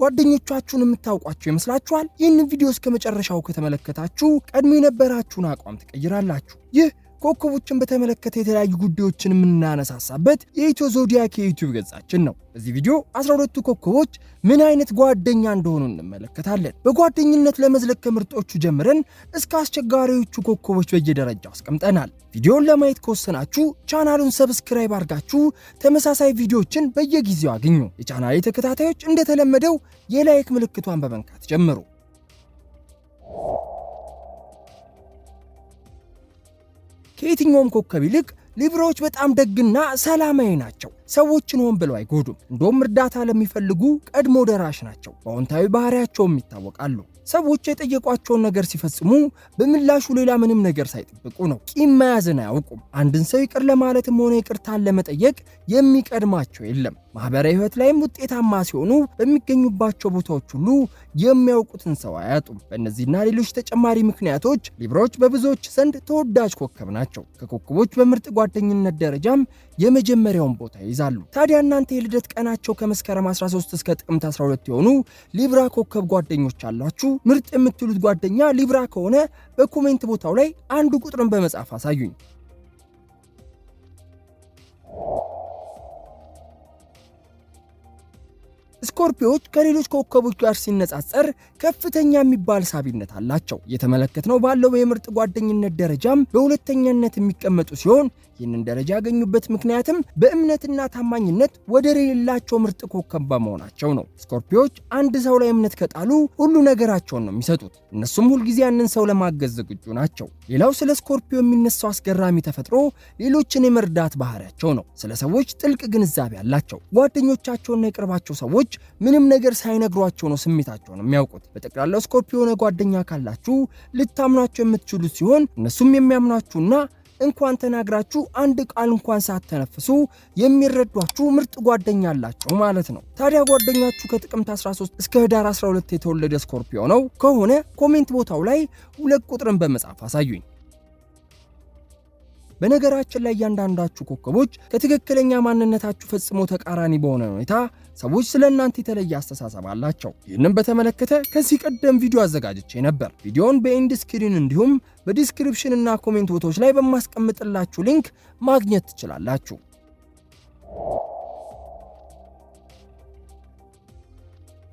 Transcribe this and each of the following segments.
ጓደኞቻችሁን የምታውቋቸው ይመስላችኋል? ይህንን ቪዲዮ እስከ መጨረሻው ከተመለከታችሁ ቀድሞ የነበራችሁን አቋም ትቀይራላችሁ። ይህ ኮከቦችን በተመለከተ የተለያዩ ጉዳዮችን የምናነሳሳበት የኢትዮ ዞዲያክ የዩቲዩብ ገጻችን ነው። በዚህ ቪዲዮ 12ቱ ኮከቦች ምን አይነት ጓደኛ እንደሆኑ እንመለከታለን። በጓደኝነት ለመዝለቅ ከምርጦቹ ጀምረን እስከ አስቸጋሪዎቹ ኮከቦች በየደረጃው አስቀምጠናል። ቪዲዮን ለማየት ከወሰናችሁ ቻናሉን ሰብስክራይብ አድርጋችሁ ተመሳሳይ ቪዲዮዎችን በየጊዜው አግኙ። የቻናሌ ተከታታዮች እንደተለመደው የላይክ ምልክቷን በመንካት ጀምሩ። ከየትኛውም ኮከብ ይልቅ ሊብራዎች በጣም ደግና ሰላማዊ ናቸው። ሰዎችን ሆን ብለው አይጎዱም። እንደውም እርዳታ ለሚፈልጉ ቀድሞ ደራሽ ናቸው። በአዎንታዊ ባህሪያቸውም ይታወቃሉ። ሰዎች የጠየቋቸውን ነገር ሲፈጽሙ በምላሹ ሌላ ምንም ነገር ሳይጠብቁ ነው። ቂም መያዝን አያውቁም። አንድን ሰው ይቅር ለማለትም ሆነ ይቅርታን ለመጠየቅ የሚቀድማቸው የለም። ማህበራዊ ህይወት ላይም ውጤታማ ሲሆኑ በሚገኙባቸው ቦታዎች ሁሉ የሚያውቁትን ሰው አያጡም። በእነዚህና ሌሎች ተጨማሪ ምክንያቶች ሊብራዎች በብዙዎች ዘንድ ተወዳጅ ኮከብ ናቸው። ከኮከቦች በምርጥ ጓደኝነት ደረጃም የመጀመሪያውን ቦታ ይይዛሉ። ታዲያ እናንተ የልደት ቀናቸው ከመስከረም 13 እስከ ጥቅምት 12 የሆኑ ሊብራ ኮከብ ጓደኞች አላችሁ? ምርጥ የምትሉት ጓደኛ ሊብራ ከሆነ በኮሜንት ቦታው ላይ አንዱ ቁጥርን በመጻፍ አሳዩኝ። ስኮርፒዮች ከሌሎች ኮከቦች ጋር ሲነጻጸር ከፍተኛ የሚባል ሳቢነት አላቸው። የተመለከትነው ባለው የምርጥ ጓደኝነት ደረጃም በሁለተኛነት የሚቀመጡ ሲሆን ይህንን ደረጃ ያገኙበት ምክንያትም በእምነትና ታማኝነት ወደር የሌላቸው ምርጥ ኮከብ በመሆናቸው ነው። ስኮርፒዮች አንድ ሰው ላይ እምነት ከጣሉ ሁሉ ነገራቸውን ነው የሚሰጡት። እነሱም ሁልጊዜ ያንን ሰው ለማገዝ ዝግጁ ናቸው። ሌላው ስለ ስኮርፒዮ የሚነሳው አስገራሚ ተፈጥሮ ሌሎችን የመርዳት ባህሪያቸው ነው። ስለ ሰዎች ጥልቅ ግንዛቤ አላቸው። ጓደኞቻቸውና የቅርባቸው ሰዎች ምንም ነገር ሳይነግሯቸው ነው ስሜታቸውን የሚያውቁት። በጠቅላላው ስኮርፒዮ የሆነ ጓደኛ ካላችሁ ልታምኗቸው የምትችሉት ሲሆን እነሱም የሚያምናችሁና እንኳን ተናግራችሁ አንድ ቃል እንኳን ሳትተነፍሱ የሚረዷችሁ ምርጥ ጓደኛ አላችሁ ማለት ነው። ታዲያ ጓደኛችሁ ከጥቅምት 13 እስከ ህዳር 12 የተወለደ ስኮርፒዮ ነው ከሆነ ኮሜንት ቦታው ላይ ሁለት ቁጥርን በመጻፍ አሳዩኝ። በነገራችን ላይ እያንዳንዳችሁ ኮከቦች ከትክክለኛ ማንነታችሁ ፈጽሞ ተቃራኒ በሆነ ሁኔታ ሰዎች ስለ እናንተ የተለየ አስተሳሰብ አላቸው። ይህንም በተመለከተ ከዚህ ቀደም ቪዲዮ አዘጋጅቼ ነበር። ቪዲዮውን በኢንድ ስክሪን እንዲሁም በዲስክሪፕሽን እና ኮሜንት ቦታዎች ላይ በማስቀምጥላችሁ ሊንክ ማግኘት ትችላላችሁ።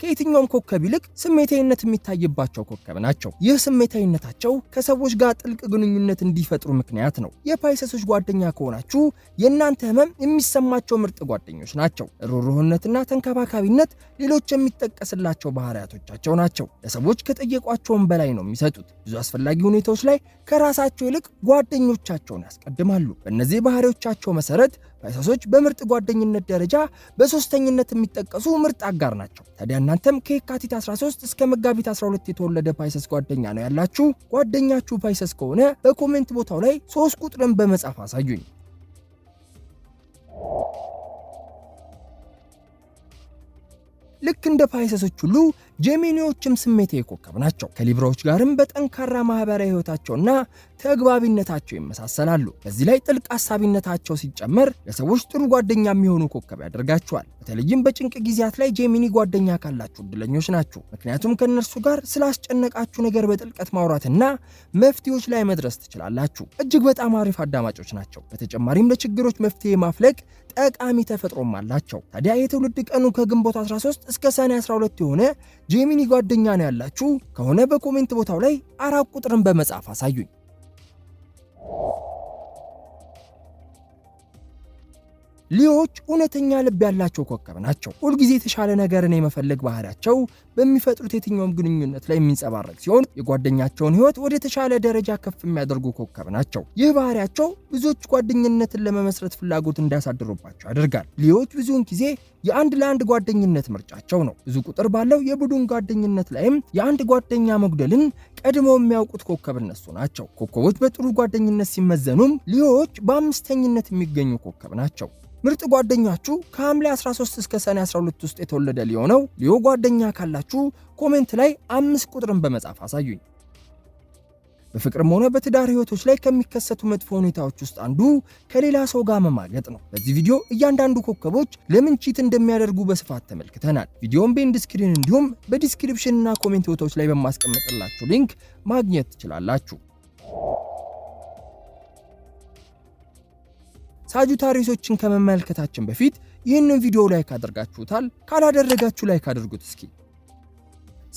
ከየትኛውም ኮከብ ይልቅ ስሜታዊነት የሚታይባቸው ኮከብ ናቸው። ይህ ስሜታዊነታቸው ከሰዎች ጋር ጥልቅ ግንኙነት እንዲፈጥሩ ምክንያት ነው። የፓይሰሶች ጓደኛ ከሆናችሁ የእናንተ ህመም የሚሰማቸው ምርጥ ጓደኞች ናቸው። ሩህሩህነትና ተንከባካቢነት ሌሎች የሚጠቀስላቸው ባህሪያቶቻቸው ናቸው። ለሰዎች ከጠየቋቸውም በላይ ነው የሚሰጡት። ብዙ አስፈላጊ ሁኔታዎች ላይ ከራሳቸው ይልቅ ጓደኞቻቸውን ያስቀድማሉ። በእነዚህ ባህሪዎቻቸው መሰረት ፓይሰሶች በምርጥ ጓደኝነት ደረጃ በሦስተኝነት የሚጠቀሱ ምርጥ አጋር ናቸው። ታዲያ እናንተም ከየካቲት 13 እስከ መጋቢት 12 የተወለደ ፓይሰስ ጓደኛ ነው ያላችሁ? ጓደኛችሁ ፓይሰስ ከሆነ በኮሜንት ቦታው ላይ ሶስት ቁጥርን በመጻፍ አሳዩኝ። ልክ እንደ ፓይሰሶች ሁሉ ጄሚኒዎችም ስሜት የኮከብ ናቸው። ከሊብራዎች ጋርም በጠንካራ ማህበራዊ ህይወታቸውና ተግባቢነታቸው ይመሳሰላሉ። በዚህ ላይ ጥልቅ ሀሳቢነታቸው ሲጨመር ለሰዎች ጥሩ ጓደኛ የሚሆኑ ኮከብ ያደርጋቸዋል። በተለይም በጭንቅ ጊዜያት ላይ ጄሚኒ ጓደኛ ካላችሁ እድለኞች ናችሁ። ምክንያቱም ከእነርሱ ጋር ስላስጨነቃችሁ ነገር በጥልቀት ማውራትና መፍትሄዎች ላይ መድረስ ትችላላችሁ። እጅግ በጣም አሪፍ አዳማጮች ናቸው። በተጨማሪም ለችግሮች መፍትሄ ማፍለቅ ጠቃሚ ተፈጥሮም አላቸው። ታዲያ የትውልድ ቀኑ ከግንቦት 13 እስከ ሰኔ 12 የሆነ ጄሚኒ ጓደኛ ነው ያላችሁ ከሆነ በኮሜንት ቦታው ላይ አራት ቁጥርን በመጻፍ አሳዩኝ። ሊዎች እውነተኛ ልብ ያላቸው ኮከብ ናቸው። ሁልጊዜ የተሻለ ነገርን የመፈለግ ባህሪያቸው በሚፈጥሩት የትኛውም ግንኙነት ላይ የሚንጸባረቅ ሲሆን የጓደኛቸውን ሕይወት ወደ ተሻለ ደረጃ ከፍ የሚያደርጉ ኮከብ ናቸው። ይህ ባህሪያቸው ብዙዎች ጓደኝነትን ለመመስረት ፍላጎት እንዳያሳድሩባቸው ያደርጋል። ሊዎች ብዙውን ጊዜ የአንድ ለአንድ ጓደኝነት ምርጫቸው ነው። ብዙ ቁጥር ባለው የቡድን ጓደኝነት ላይም የአንድ ጓደኛ መጉደልን ቀድመው የሚያውቁት ኮከብ እነሱ ናቸው። ኮከቦች በጥሩ ጓደኝነት ሲመዘኑም ሊዎች በአምስተኝነት የሚገኙ ኮከብ ናቸው። ምርጥ ጓደኛችሁ ከሐምሌ 13 እስከ ሰኔ 12 ውስጥ የተወለደ ሊዮ ነው። ሊዮ ጓደኛ ካላችሁ ኮሜንት ላይ አምስት ቁጥርን በመጻፍ አሳዩኝ። በፍቅርም ሆነ በትዳር ህይወቶች ላይ ከሚከሰቱ መጥፎ ሁኔታዎች ውስጥ አንዱ ከሌላ ሰው ጋር መማገጥ ነው። በዚህ ቪዲዮ እያንዳንዱ ኮከቦች ለምን ቺት እንደሚያደርጉ በስፋት ተመልክተናል። ቪዲዮን በኢንድ ስክሪን እንዲሁም በዲስክሪፕሽንና ኮሜንት ቦታዎች ላይ በማስቀመጥላችሁ ሊንክ ማግኘት ትችላላችሁ። ሳጁታሪሶችን ከመመልከታችን በፊት ይህንን ቪዲዮ ላይክ አድርጋችሁታል? ካላደረጋችሁ ላይክ አድርጉት። እስኪ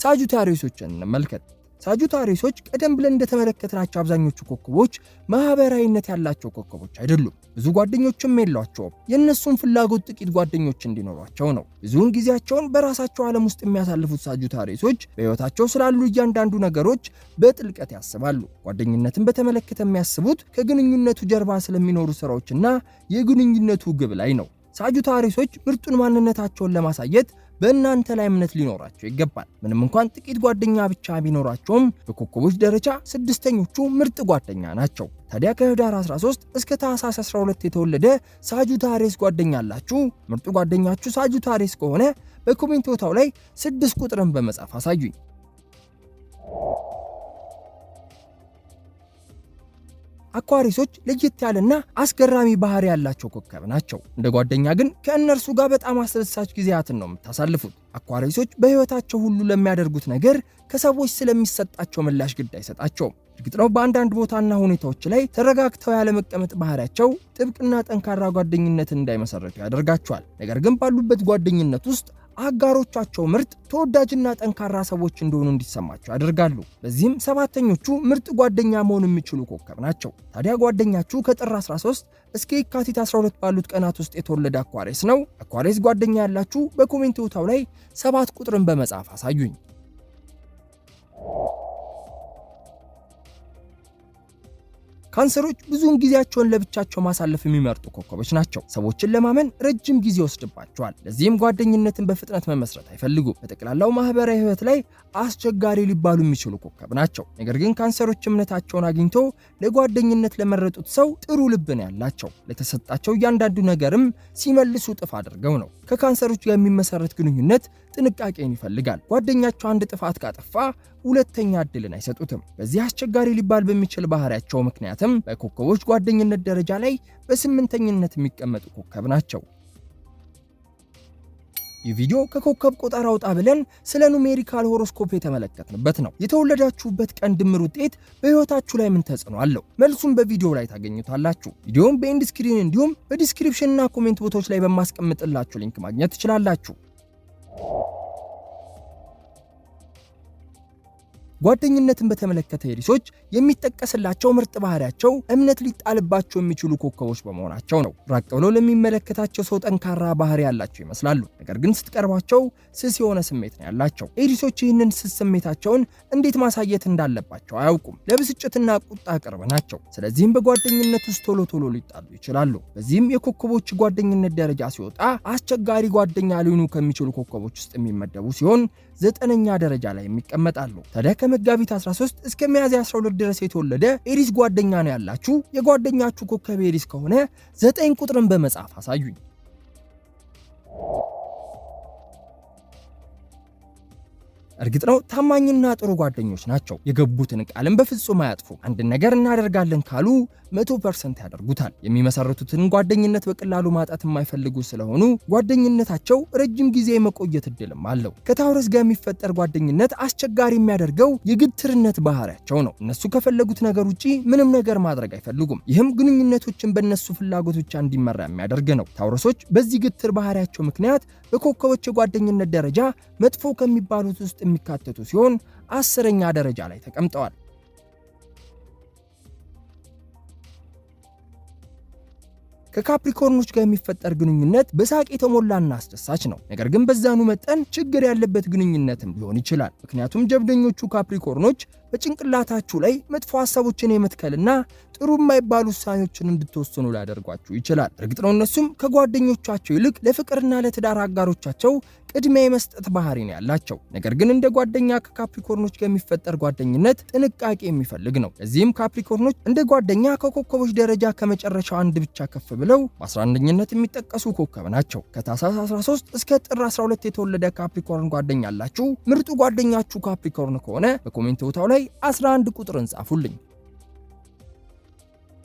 ሳጁታሪሶችን እንመልከት። ሳጁታሪሶች ቀደም ብለን እንደተመለከትናቸው አብዛኞቹ ኮከቦች ማህበራዊነት ያላቸው ኮከቦች አይደሉም። ብዙ ጓደኞችም የሏቸውም። የእነሱም ፍላጎት ጥቂት ጓደኞች እንዲኖሯቸው ነው። ብዙውን ጊዜያቸውን በራሳቸው ዓለም ውስጥ የሚያሳልፉት ሳጁታሪሶች በሕይወታቸው ስላሉ እያንዳንዱ ነገሮች በጥልቀት ያስባሉ። ጓደኝነትን በተመለከተ የሚያስቡት ከግንኙነቱ ጀርባ ስለሚኖሩ ስራዎችና የግንኙነቱ ግብ ላይ ነው። ሳጁታሪሶች ምርጡን ማንነታቸውን ለማሳየት በእናንተ ላይ እምነት ሊኖራቸው ይገባል። ምንም እንኳን ጥቂት ጓደኛ ብቻ ቢኖራቸውም በኮከቦች ደረጃ ስድስተኞቹ ምርጥ ጓደኛ ናቸው። ታዲያ ከህዳር 13 እስከ ታህሳስ 12 የተወለደ ሳጁታሪስ ጓደኛ አላችሁ? ምርጡ ጓደኛችሁ ሳጁታሪስ ከሆነ በኮሜንት ቦታው ላይ ስድስት ቁጥርን በመጻፍ አሳዩኝ። አኳሪሶች ለየት ያለና አስገራሚ ባህሪ ያላቸው ኮከብ ናቸው። እንደ ጓደኛ ግን ከእነርሱ ጋር በጣም አስደሳች ጊዜያትን ነው የምታሳልፉት። አኳሪሶች በሕይወታቸው ሁሉ ለሚያደርጉት ነገር ከሰዎች ስለሚሰጣቸው ምላሽ ግድ አይሰጣቸውም። እርግጥ ነው በአንዳንድ ቦታና ሁኔታዎች ላይ ተረጋግተው ያለመቀመጥ ባህሪያቸው ጥብቅና ጠንካራ ጓደኝነትን እንዳይመሰረቱ ያደርጋቸዋል። ነገር ግን ባሉበት ጓደኝነት ውስጥ አጋሮቻቸው ምርጥ ተወዳጅና ጠንካራ ሰዎች እንደሆኑ እንዲሰማቸው ያደርጋሉ። በዚህም ሰባተኞቹ ምርጥ ጓደኛ መሆን የሚችሉ ኮከብ ናቸው። ታዲያ ጓደኛችሁ ከጥር 13 እስከ የካቲት 12 ባሉት ቀናት ውስጥ የተወለደ አኳሬስ ነው? አኳሬስ ጓደኛ ያላችሁ በኮሜንት ቦታው ላይ ሰባት ቁጥርን በመጻፍ አሳዩኝ። ካንሰሮች ብዙውን ጊዜያቸውን ለብቻቸው ማሳለፍ የሚመርጡ ኮከቦች ናቸው። ሰዎችን ለማመን ረጅም ጊዜ ይወስድባቸዋል። ለዚህም ጓደኝነትን በፍጥነት መመስረት አይፈልጉም። በጠቅላላው ማህበራዊ ህይወት ላይ አስቸጋሪ ሊባሉ የሚችሉ ኮከብ ናቸው። ነገር ግን ካንሰሮች እምነታቸውን አግኝቶ ለጓደኝነት ለመረጡት ሰው ጥሩ ልብ ነው ያላቸው፣ ለተሰጣቸው እያንዳንዱ ነገርም ሲመልሱ ጥፍ አድርገው ነው። ከካንሰሮች ጋር የሚመሰረት ግንኙነት ጥንቃቄን ይፈልጋል። ጓደኛቸው አንድ ጥፋት ካጠፋ ሁለተኛ እድልን አይሰጡትም። በዚህ አስቸጋሪ ሊባል በሚችል ባህሪያቸው ምክንያትም በኮከቦች ጓደኝነት ደረጃ ላይ በስምንተኝነት የሚቀመጡ ኮከብ ናቸው። ይህ ቪዲዮ ከኮከብ ቆጠራ ወጣ ብለን ስለ ኑሜሪካል ሆሮስኮፕ የተመለከትንበት ነው። የተወለዳችሁበት ቀን ድምር ውጤት በህይወታችሁ ላይ ምን ተጽዕኖ አለው? መልሱን በቪዲዮ ላይ ታገኙታላችሁ። ቪዲዮም በኢንድ እንዲሁም እንዲሁም በዲስክሪፕሽንና ኮሜንት ቦታዎች ላይ በማስቀምጥላችሁ ሊንክ ማግኘት ትችላላችሁ። ጓደኝነትን በተመለከተ ኤሪሶች የሚጠቀስላቸው ምርጥ ባህሪያቸው እምነት ሊጣልባቸው የሚችሉ ኮከቦች በመሆናቸው ነው። ራቅ ብሎ ለሚመለከታቸው ሰው ጠንካራ ባህሪ ያላቸው ይመስላሉ። ነገር ግን ስትቀርባቸው ስስ የሆነ ስሜት ነው ያላቸው። ኤሪሶች ይህንን ስስ ስሜታቸውን እንዴት ማሳየት እንዳለባቸው አያውቁም። ለብስጭትና ቁጣ ቅርብ ናቸው። ስለዚህም በጓደኝነት ውስጥ ቶሎ ቶሎ ሊጣሉ ይችላሉ። በዚህም የኮከቦች ጓደኝነት ደረጃ ሲወጣ አስቸጋሪ ጓደኛ ሊሆኑ ከሚችሉ ኮከቦች ውስጥ የሚመደቡ ሲሆን ዘጠነኛ ደረጃ ላይ የሚቀመጣሉ። ተደከ ከመጋቢት 13 እስከ ሚያዝያ 12 ድረስ የተወለደ ኤሪስ ጓደኛ ነው ያላችሁ የጓደኛችሁ ኮከብ ኤሪስ ከሆነ ዘጠኝ ቁጥርን በመጻፍ አሳዩኝ። እርግጥ ነው ታማኝና ጥሩ ጓደኞች ናቸው። የገቡትን ቃልም በፍጹም አያጥፉ። አንድን ነገር እናደርጋለን ካሉ መቶ ፐርሰንት ያደርጉታል። የሚመሰርቱትን ጓደኝነት በቀላሉ ማጣት የማይፈልጉ ስለሆኑ ጓደኝነታቸው ረጅም ጊዜ የመቆየት እድልም አለው። ከታውረስ ጋር የሚፈጠር ጓደኝነት አስቸጋሪ የሚያደርገው የግትርነት ባህሪያቸው ነው። እነሱ ከፈለጉት ነገር ውጪ ምንም ነገር ማድረግ አይፈልጉም። ይህም ግንኙነቶችን በእነሱ ፍላጎት ብቻ እንዲመራ የሚያደርግ ነው። ታውረሶች በዚህ ግትር ባህሪያቸው ምክንያት በኮከቦች የጓደኝነት ደረጃ መጥፎ ከሚባሉት ውስጥ የሚካተቱ ሲሆን አስረኛ ደረጃ ላይ ተቀምጠዋል። ከካፕሪኮርኖች ጋር የሚፈጠር ግንኙነት በሳቅ የተሞላና አስደሳች ነው። ነገር ግን በዛኑ መጠን ችግር ያለበት ግንኙነትም ሊሆን ይችላል። ምክንያቱም ጀብደኞቹ ካፕሪኮርኖች በጭንቅላታችሁ ላይ መጥፎ ሀሳቦችን የመትከልና ጥሩ የማይባሉ ውሳኔዎችን እንድትወስኑ ሊያደርጓችሁ ይችላል። እርግጥ ነው እነሱም ከጓደኞቻቸው ይልቅ ለፍቅርና ለትዳር አጋሮቻቸው ቅድሚያ የመስጠት ባህሪ ነው ያላቸው። ነገር ግን እንደ ጓደኛ ከካፕሪኮርኖች ጋር የሚፈጠር ጓደኝነት ጥንቃቄ የሚፈልግ ነው። ለዚህም ካፕሪኮርኖች እንደ ጓደኛ ከኮከቦች ደረጃ ከመጨረሻው አንድ ብቻ ከፍ ብለው በ11ኝነት የሚጠቀሱ ኮከብ ናቸው። ከታህሳስ 13 እስከ ጥር 12 የተወለደ ካፕሪኮርን ጓደኛ አላችሁ? ምርጡ ጓደኛችሁ ካፕሪኮርን ከሆነ በኮሜንት ቦታው ላይ 11 ቁጥርን ጻፉልኝ።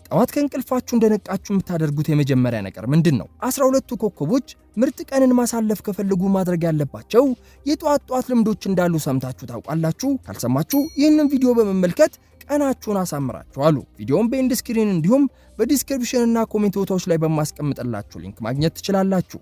ጠዋት ከእንቅልፋችሁ እንደነቃችሁ የምታደርጉት የመጀመሪያ ነገር ምንድን ነው? 12ቱ ኮከቦች ምርጥ ቀንን ማሳለፍ ከፈለጉ ማድረግ ያለባቸው የጠዋት ጠዋት ልምዶች እንዳሉ ሰምታችሁ ታውቃላችሁ? ካልሰማችሁ ይህንን ቪዲዮ በመመልከት ቀናችሁን አሳምራችሁ አሉ። ቪዲዮውን በኢንድ ስክሪን እንዲሁም እና ኮሜንት ቦታዎች ላይ በማስቀምጥላችሁ ሊንክ ማግኘት ትችላላችሁ።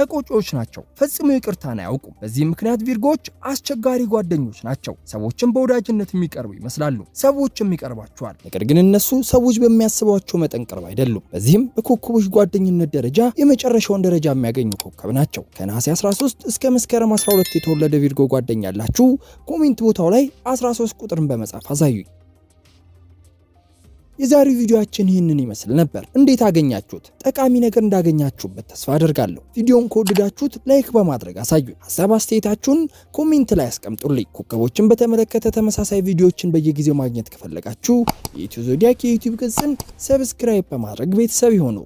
ተቆጮዎች ናቸው። ፈጽሞ ይቅርታን አያውቁም። በዚህ ምክንያት ቪርጎዎች አስቸጋሪ ጓደኞች ናቸው። ሰዎችን በወዳጅነት የሚቀርቡ ይመስላሉ፣ ሰዎችም ይቀርባቸዋል። ነገር ግን እነሱ ሰዎች በሚያስቧቸው መጠን ቅርብ አይደሉም። በዚህም በኮከቦች ጓደኝነት ደረጃ የመጨረሻውን ደረጃ የሚያገኙ ኮከብ ናቸው። ከነሐሴ 13 እስከ መስከረም 12 የተወለደ ቪርጎ ጓደኛ ያላችሁ ኮሜንት ቦታው ላይ 13 ቁጥርን በመጻፍ አሳዩኝ። የዛሬው ቪዲዮአችን ይህንን ይመስል ነበር። እንዴት አገኛችሁት? ጠቃሚ ነገር እንዳገኛችሁበት ተስፋ አደርጋለሁ። ቪዲዮን ከወደዳችሁት ላይክ በማድረግ አሳዩ ሀሳብ አስተያየታችሁን ኮሜንት ላይ አስቀምጡልኝ። ኮከቦችን በተመለከተ ተመሳሳይ ቪዲዮዎችን በየጊዜው ማግኘት ከፈለጋችሁ የኢትዮ ዞዲያክ የዩቲዩብ ገጽን ሰብስክራይብ በማድረግ ቤተሰብ ይሆኑ